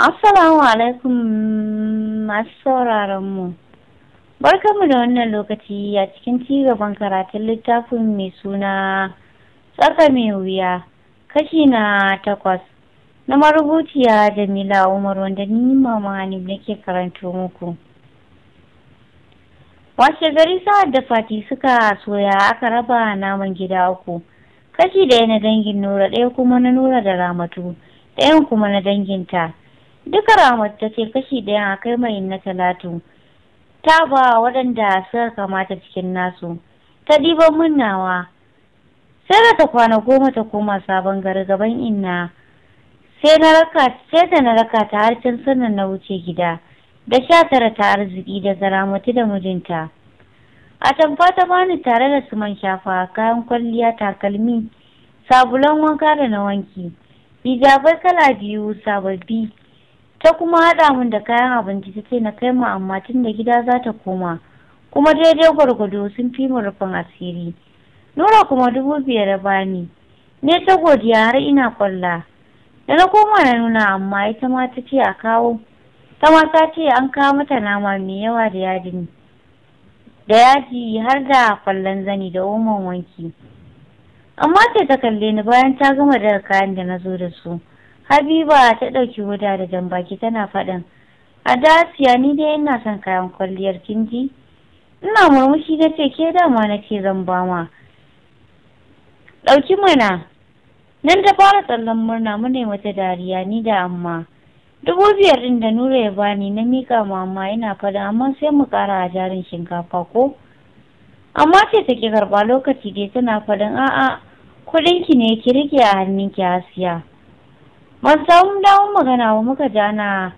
Assalamu alaikum masu sauraron mu. Barkanmu da wannan lokaci a cikin cigaban karatun littafin mai suna tsaka mai wuya kashi na takwas na marubuciya Jamila Umar wanda ni mama Hanif nake karanto muku. Washe gari sa'ad da fati suka soya aka raba naman gida uku. Kashi ɗaya na dangin Nura ɗaya kuma na Nura da Ramatu ɗayan kuma na danginta. duka ramar ta ce kashi ɗaya a kai mai na talatu ta ba waɗanda suka kamata cikin nasu ta ɗiban munnawa sai da ta kwana goma ta koma sabon gari inna sai na raka sai da na raka ta har can sannan na wuce gida da sha tara ta arziki da zaramatu da mijinta a tamfa ta bani tare da su man shafa kayan kwalliya takalmi sabulan wanka da na wanki bijabai kala biyu sababbi ta kuma haɗa min da kayan abinci ta ce na kai mu amma tun da gida za ta koma kuma daidai gwargwado sun fi mu rufin asiri nura kuma dubu biyar bani ne ta godiya har ina kwalla da na koma na nuna amma ita ma ta ce a kawo ta ma ta ce an kawo mata nama mai yawa da yadi da yaji har da kwallon zani da oman wanki amma ce ta kalle ni bayan ta gama daga kayan da na zo da su Habiba ta ɗauki wuta da jan baki tana faɗin. A Adasiya ni dai ina son kayan kwalliyar kinji. Ina murmushi na ce ke dama na ce zan ba ma. Ɗauki mana. Nan ta fara tsallan murna ne wata dariya ni da amma. Dubu biyar ɗin da Nura ya bani na miƙa mama yana faɗin amma sai mu ƙara a jarin shinkafa ko? Amma ce ta ki karɓa lokaci dai tana faɗin a'a kuɗinki ne ki rike a hannun hannunki Asiya. ban samu damar magana wa muka jana na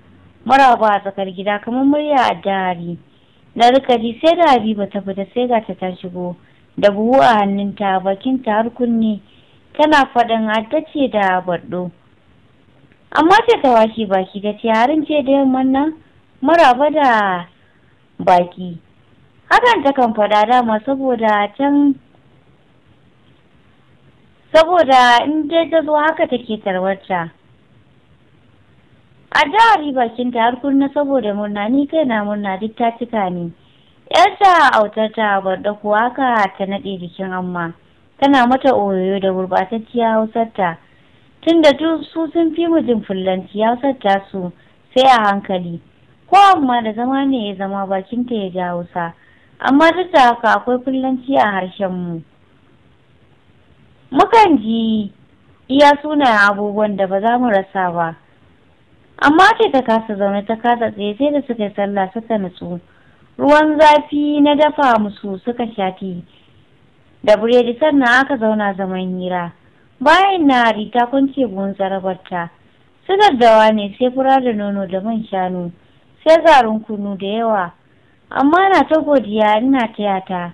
maraba a tsakar gida kamar murya a dari na rika sai da habiba ta fita sai ga ta ta shigo da buhu a hannunta bakin ta har kunne tana faɗin ce da baɗo amma ce ta washe baki da ce harin ce da maraba da baki hakan takan faɗa dama saboda can saboda in dai ta zo haka take tarwarta a jihar bakin ta har kunna saboda murna ni kai na murna duk ta cika ni yarta autar ta barda kuwa ka ta naɗe jikin amma tana mata oyoyo da gurbatacciya hausar ta da su sun fi mijin fullanci hausar su sai a hankali ko amma da zama ne ya zama bakin ta ya ja hausa amma duk da haka akwai fullanci a harshen mu mukan ji iya sunayen abubuwan da ba za mu rasa ba amma ce ta kasa zaune ta kasa tsaye sai da suka yi sallah suka nutsu ruwan zafi na dafa musu suka shafi. da buredi sannan aka zauna zaman hira bayan na rita kwance buhun zarabarta da wa ne sai fura da nono da man shanu sai zarun kunu da yawa amma na ta godiya ina taya ta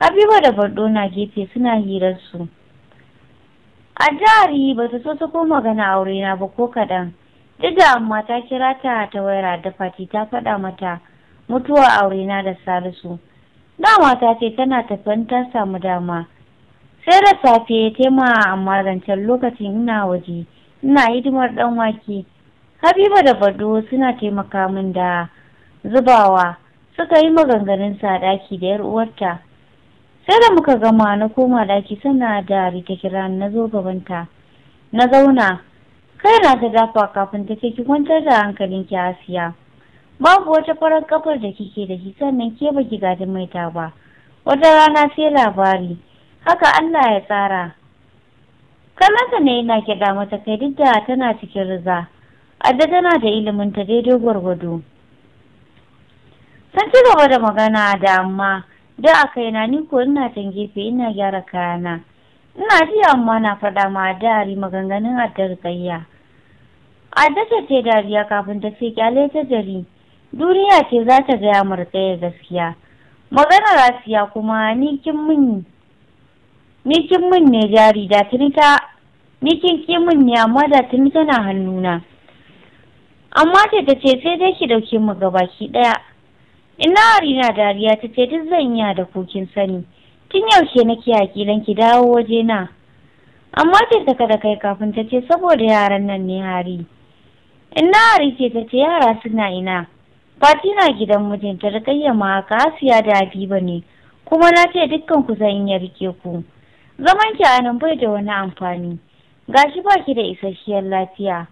habiba da bardo na gefe suna hirarsu a jihar ba ta so ta koma gana aure na ba ko kaɗan duk amma ta kira ta ta waira da fati ta faɗa mata mutuwar na da salisu dama ta ce tana tafiyan ta samu dama sai da safe ya tema amma rancen lokacin ina waje ina hidimar ɗan wake habiba da bado suna taimaka min da zubawa suka yi maganganun sa daki da yar uwarta sai da muka gama na koma daki sana da rike kira na zo gabanta na zauna kai na ta dafa kafin ta ce ki kwantar da hankalin ki asiya babu wata farar kafar da kike da shi sannan ke baki gadin maita ba wata rana sai labari haka Allah ya tsara kallonta ne yana kiɗa mata kai duk da tana cikin riza adda tana da ilimin ta daidai gwargwado sun ci gaba da magana da amma da a kaina ni ko ina can gefe ina gyara kayana ina ji amma na faɗa ma da hari maganganun addar kayya Addasa ce dariya kafin ta ce kyale ta jari. Duniya ce za ta gaya murtaya gaskiya. Magana Asiya kuma nikin kin mun mun ne jari da tunita nikin ni da tuni tana hannuna. Amma ce ta ce sai dai ki dauki mu ga baki daya. Ina harina dariya ta ce duk zan iya da kukin sani. Tun yaushe nake hakilan ki dawo waje na. Amma ce ta kada kai kafin ta ce saboda yaran nan ne hari. Inna rike ta ce yara suna ina. Fati na gidan mijinta da kayyama ka siya da Habiba ne. Kuma na ce dukkan ku zan iya rike ku. Zaman ki a nan bai da wani amfani. Gashi ba ki da isasshiyar lafiya.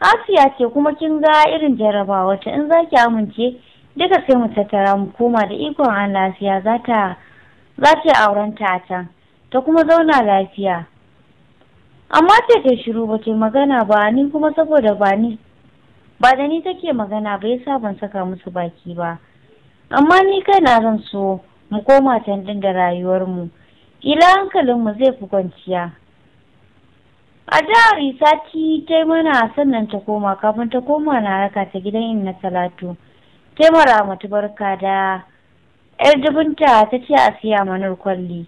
Asiya ce kuma kin ga irin jarabawa ta in za ki amince duka sai mu tattara mu koma da ikon an lafiya za ta za ta auren ta can ta kuma zauna lafiya. Amma ce ta shiru ba ce magana ba ni kuma saboda ba ni ba da ni take magana ba sa ban saka musu baki ba amma ni kai na zan so mu koma tandin da rayuwarmu ila hankalin mu zai fi kwanciya a jihar sati ta mana sannan ta koma kafin ta koma na raka ta gidan in na talatu ta mara mutu barka da yar dubinta ta ce a siya manar kwalli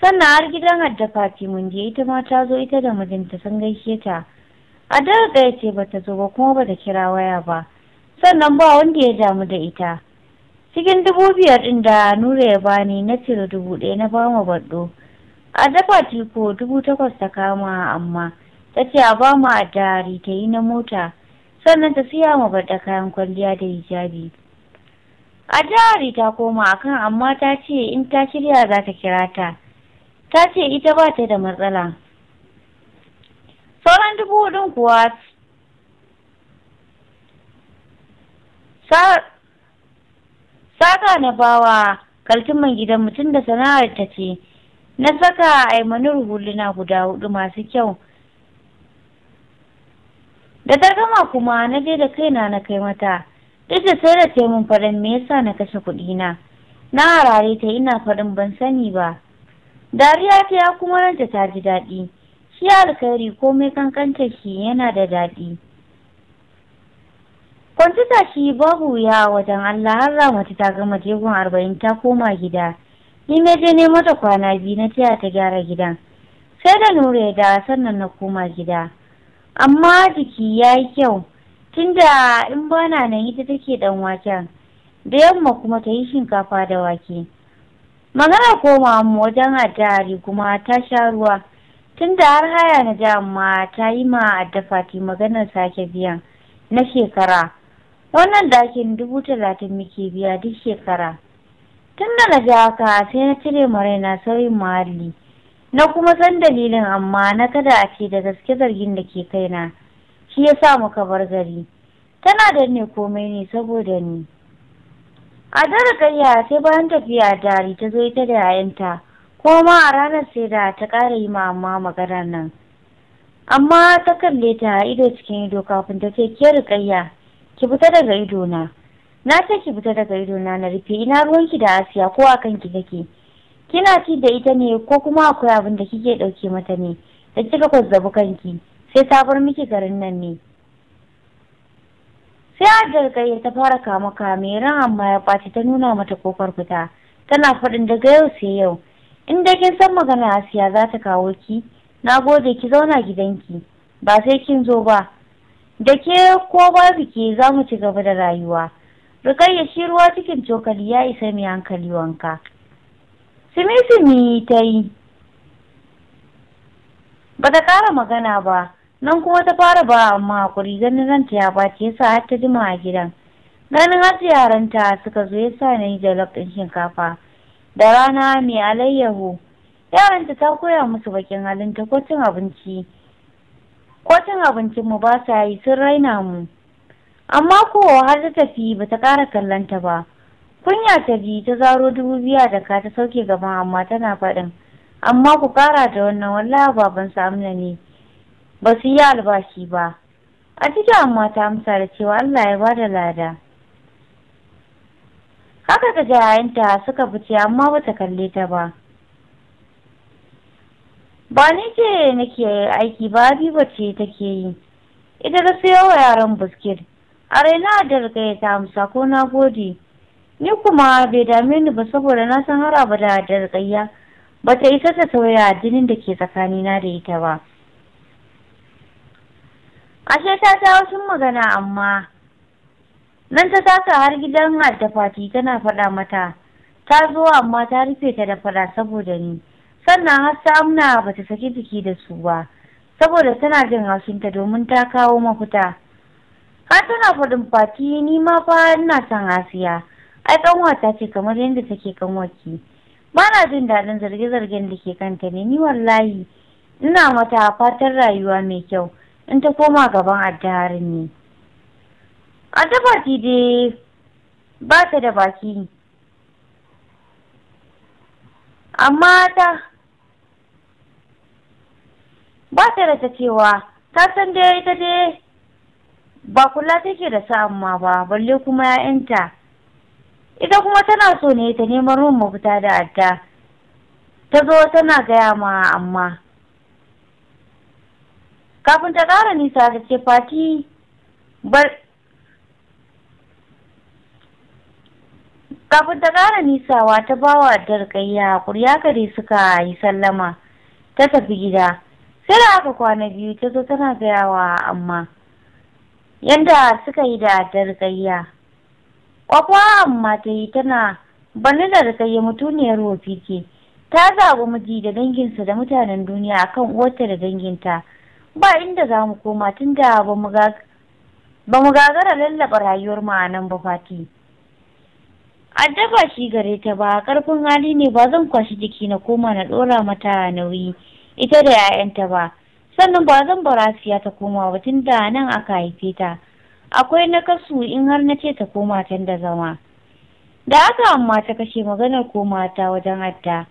sannan har gidan hadda fati mun je ita ma ta zo ita da mijinta sun gaishe ta a dare ɗaya ce ba ta zo ba kuma ba ta kira waya ba sannan ba wanda ya damu da ita cikin dubu biyar ɗin da nura ya bani na cire dubu ɗaya na bama baɗo a dafa tiko dubu takwas ta kama amma ta ce a bamu a dari ta yi na mota sannan ta siya ma baɗa kayan kwalliya da hijabi a jihari ta koma akan amma ta ce in ta shirya za ta kira ta ta ce ita ba ta da matsala sauran dubu hudun kuwa saka na bawa kaltuman gidan mutum da sana'ar ta ce na saka aimanur huluna guda hudu masu kyau da ta gama kuma na je da kaina na kai mata duk da sai da mun faɗin me yasa na kashe kuɗina na harare ta ina faɗin ban sani ba dariya ta ya kuma ranta ta ji daɗi shi alkhairi komai kankanta shi yana da daɗi kwantuta shi babu ya wajen Allah har mace ta gama jegon arba'in ta koma gida ni na je ne mata kwana biyu na taya ta gyara gidan sai da nure da sannan na koma gida amma jiki ya yi kyau tunda in bana nan ita take dan waken da yamma kuma ta yi shinkafa da wake magana koma wajen hadari kuma ta sha ruwa tunda har haya na ja amma ta yi ma adda fati maganar sake biyan na shekara wannan dakin dubu talatin muke biya duk shekara tun da na ja haka sai na cire maraina na sauyin muhalli na kuma san dalilin amma na kada a ce da gaske zargin da ke kaina shi ya sa muka bar gari tana da ne komai ne saboda ni a dare sai bayan tafiya dari ta zo ita da yayanta ko a ranar sai da ta ƙara yi ma amma maganar nan amma ta kalle ta ido cikin ido kafin ta ce ke riƙayya ki fita daga ido na na ce ki fita daga ido na na rufe ina ruwan ki da asiya ko a kanki take kina ci da ita ne ko kuma akwai abin da kike ɗauke mata ne da kika kwazzabu kanki sai ta bar miki garin nan ne sai hajjar gayya ta fara kama kame ran amma ya ɓaci ta nuna mata kofar fita tana faɗin daga yau sai yau in da kin san magana asiya za ta kawo ki na gode ki zauna gidanki ba sai kin zo ba da ke ko babu ke za mu ci gaba da rayuwa rukayya shi ruwa cikin cokali ya isa mai hankali wanka sumi sumi ta yi ba ta kara magana ba nan kuma ta fara ba amma hakuri ganin ta ya bace yasa har ta jima a gidan ganin har yaranta suka zo ya sa na yi jalof ɗin shinkafa da rana mai alayyahu yaranta ta koya musu bakin halinta ko cin abinci ko cin abincin mu ba sa yi sun raina mu amma ko har ta tafi ba ta ƙara kallonta ba kunya ta bi ta zaro dubu biya da ka ta sauke gaba amma tana faɗin amma ku ƙara da wannan wallahi baban Amina ne ba su yi albashi ba a cikin amma ta amsa da cewa Allah ya bada lada Aka ta jayayinta suka fice amma bata kalle ta ba ba ni ce nake aiki ba habiba ce take yi ita ta sayo wa yaran biskit a raina da rigaya ta amsa ko na gode ni kuma bai dame ni ba saboda na san har abada da rigaya ba ta isa ta sauya jinin da ke tsakanina da ita ba ashe ta ta wasu magana amma nan ta taka har gidan Fati tana faɗa mata ta zo amma ta rufe ta da faɗa saboda ni sannan har ta amna ba ta saki jiki da su ba saboda tana jin haushinta domin ta kawo mafita har tana faɗin fati ni ma fa ina san asiya ai ƙanwata ce kamar yadda take kanwaki ba na jin daɗin zarge-zargen da ke kanta ne ni wallahi ina mata fatan rayuwa mai kyau in ta koma gaban addaharin ne. a tafati dai ba ta da baki amma ta ba ta da cewa ta san dai ta dai ba kula take da sa'an ma ba balle kuma 'ya'yanta ita kuma tana so ne ta neman ruwan mafita da adda ta zo tana gaya ma amma kafin ta ƙara nisa ta ce fati bar kafin ta ƙara nisawa ta bawa darƙayya hakuri ya suka yi sallama ta tafi gida sai da aka kwana biyu ta zo tana gayawa amma yadda suka yi da darƙayya kwakwa amma ta yi tana bani da darƙayya mutuniyar wofike ta zaɓi miji da danginsa da mutanen duniya akan uwarta da danginta ba inda za mu koma tun da ba mu gagara lallaba rayuwar mu a nan ba fati. addaba shi gare ta ba karfin hali ne ba zan kwashi jiki na koma na dora mata nauyi ita da 'ya'yanta ba sannan ba zan barasiya ta koma ba tun da nan aka haife ta akwai nakasu in har na ce ta koma can da zama da aka amma ta kashe maganar koma ta wajen adda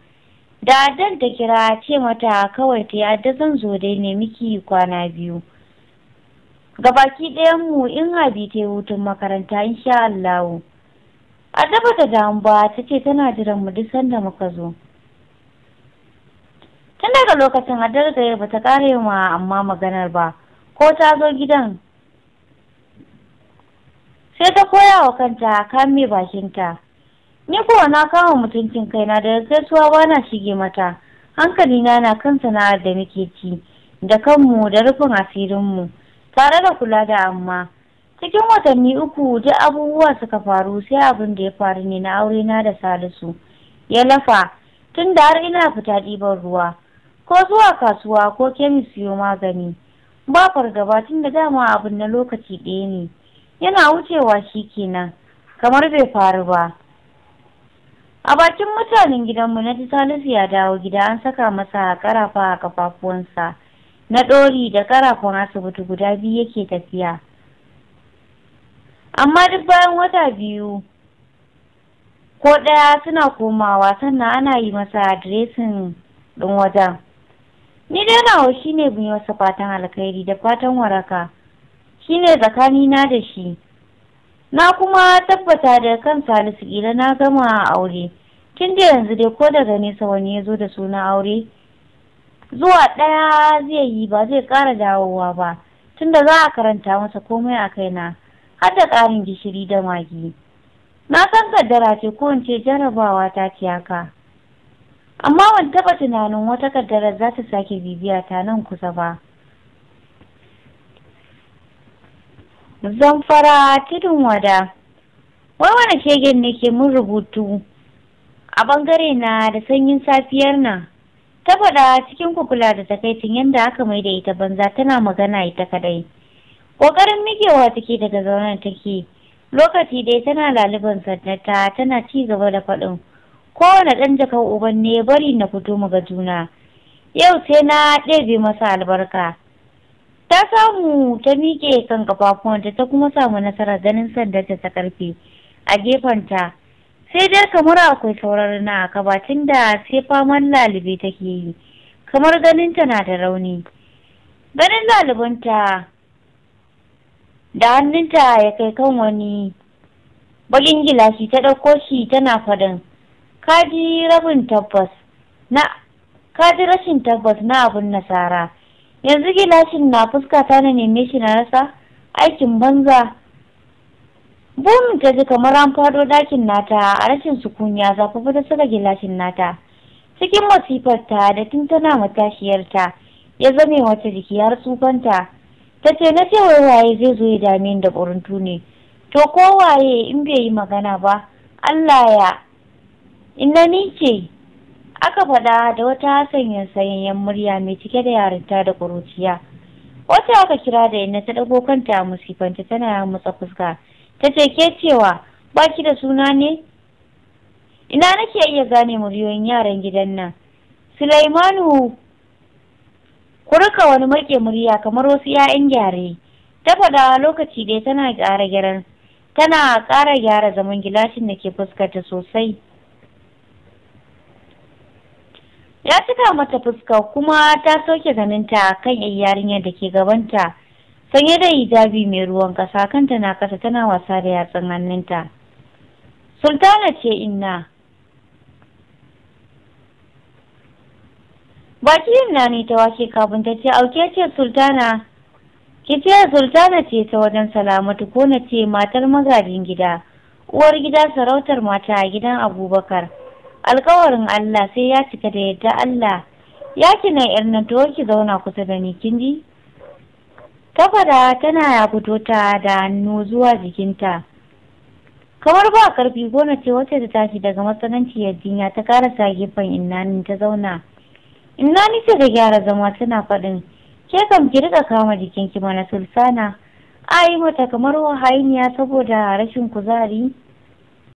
da addan da kira ce mata kawai ta yadda zan zo dai ne miki kwana biyu gabaki ɗayan mu in habi ta yi hutun makaranta insha Allahu. a daba da damuwa ta ce tana jiran mu duk sanda muka zo tun daga lokacin a da ba ta kare ma amma maganar ba ko ta zo gidan sai ta koya wa kanta kame bakinta ni kuwa na kama mutuncin kaina da gaisuwa ba na shige mata hankalina na kan sana'ar da muke ci da kanmu da rufin asirinmu tare da kula da amma cikin watanni uku duk abubuwa suka faru sai abin da ya faru ne na aure na da salisu ya lafa tun da har ina fita ɗiban ruwa ko zuwa kasuwa ko kemis siyo magani ba fargaba tun da dama abin na lokaci ɗaya ne yana wucewa shi kenan kamar bai faru ba a bakin mutanen gidanmu na ji salisu ya dawo gida an saka masa karafa a kafafuwansa na ɗori da karafan asibiti guda biyu yake tafiya amma duk bayan wata biyu ko ɗaya suna komawa sannan ana yi masa adiresin ɗin wajen ni dai nawa ne bin fatan alkhairi da fatan waraka Shi shine tsakanina da shi na kuma tabbata da kan salisu ƙila na gama a aure kin da yanzu dai ko daga nesa wani ya zo da suna aure zuwa ɗaya zai yi ba zai ƙara dawowa ba tunda za a karanta masa komai a kaina har da ƙarin gishiri da magi na san kaddara ce ko in ce jarabawa ta ce amma ban taɓa tunanin wata kaddara za ta sake bibiya ta nan kusa ba zamfara tudun wada wai wani shegen ne ke mun rubutu a bangare na da sanyin safiyar nan ta faɗa cikin kukula da takaicin yadda aka mai da ita banza tana magana ita kadai Ƙoƙarin mikewa take daga zauren take lokaci dai tana laliban sannata tana ci gaba da faɗin kowane ɗan jakar uban ne bari na fito mu ga juna yau sai na ɗebe masa albarka ta samu ta miƙe kan kafafuwanta ta kuma samu nasara ganin sandarta ta karfe a gefen ta, sai dai kamar akwai saurar na kabatun da sai faman lalube take yi kamar ganin ta na da rauni ganin lalibanta da hannunta ya kai kan wani baƙin gilashi ta ɗauko shi tana faɗin kaji rashin tabbas na abin nasara yanzu gilashin na fuska ta na neme shi na rasa aikin banza bum ta ji kamar an faɗo ɗakin nata a rashin sukunya zafafa ta saka gilashin nata cikin masifarta da tun tana matashiyarta ya zame wata jiki har tsufanta ta ce na ce wai waye zai zo ya dame ni da ƙuruntu ne to ko waye in bai yi magana ba Allah ya ina ni ce aka faɗa da wata hasanyen sayayyen murya mai cike da yarinta da ƙuruciya wata aka kira da ina ta ɗago kanta a musifanta tana mutsa fuska ta ce ke cewa ba ki da suna ne ina nake iya gane muryoyin yaran gidan nan Sulaimanu ku rika wani maƙe murya kamar wasu 'ya'yan gyare ta faɗa lokaci dai tana ƙara gyaran tana ƙara gyara zaman gilashin da ke fuskarta sosai ya cika mata fuska kuma ta soke ganinta kan yarinyar da ke gabanta sanye da hijabi mai ruwan ƙasa kanta na kasa tana wasa da yatsun hannunta sultana ce inna baki yin na ne ta wake kafin ta ce auke ce sultana ki ce sultana ce ta wajen salamatu ko na ce matar magajin gida uwar gida sarautar mata a gidan abubakar alkawarin allah sai ya cika da yadda allah ya na yar nan to ki zauna kusa da ni kin ji kafada tana ya fito ta da hannu zuwa jikinta kamar ba karfi gona ce wacce ta tashi daga matsananciyar jinya ta karasa gefen inanin ta zauna Inna nake da gyara zama tana faɗin ke kam ki riƙa kama jikinki mana sulsana. A yi mata kamar wahainiya saboda rashin kuzari.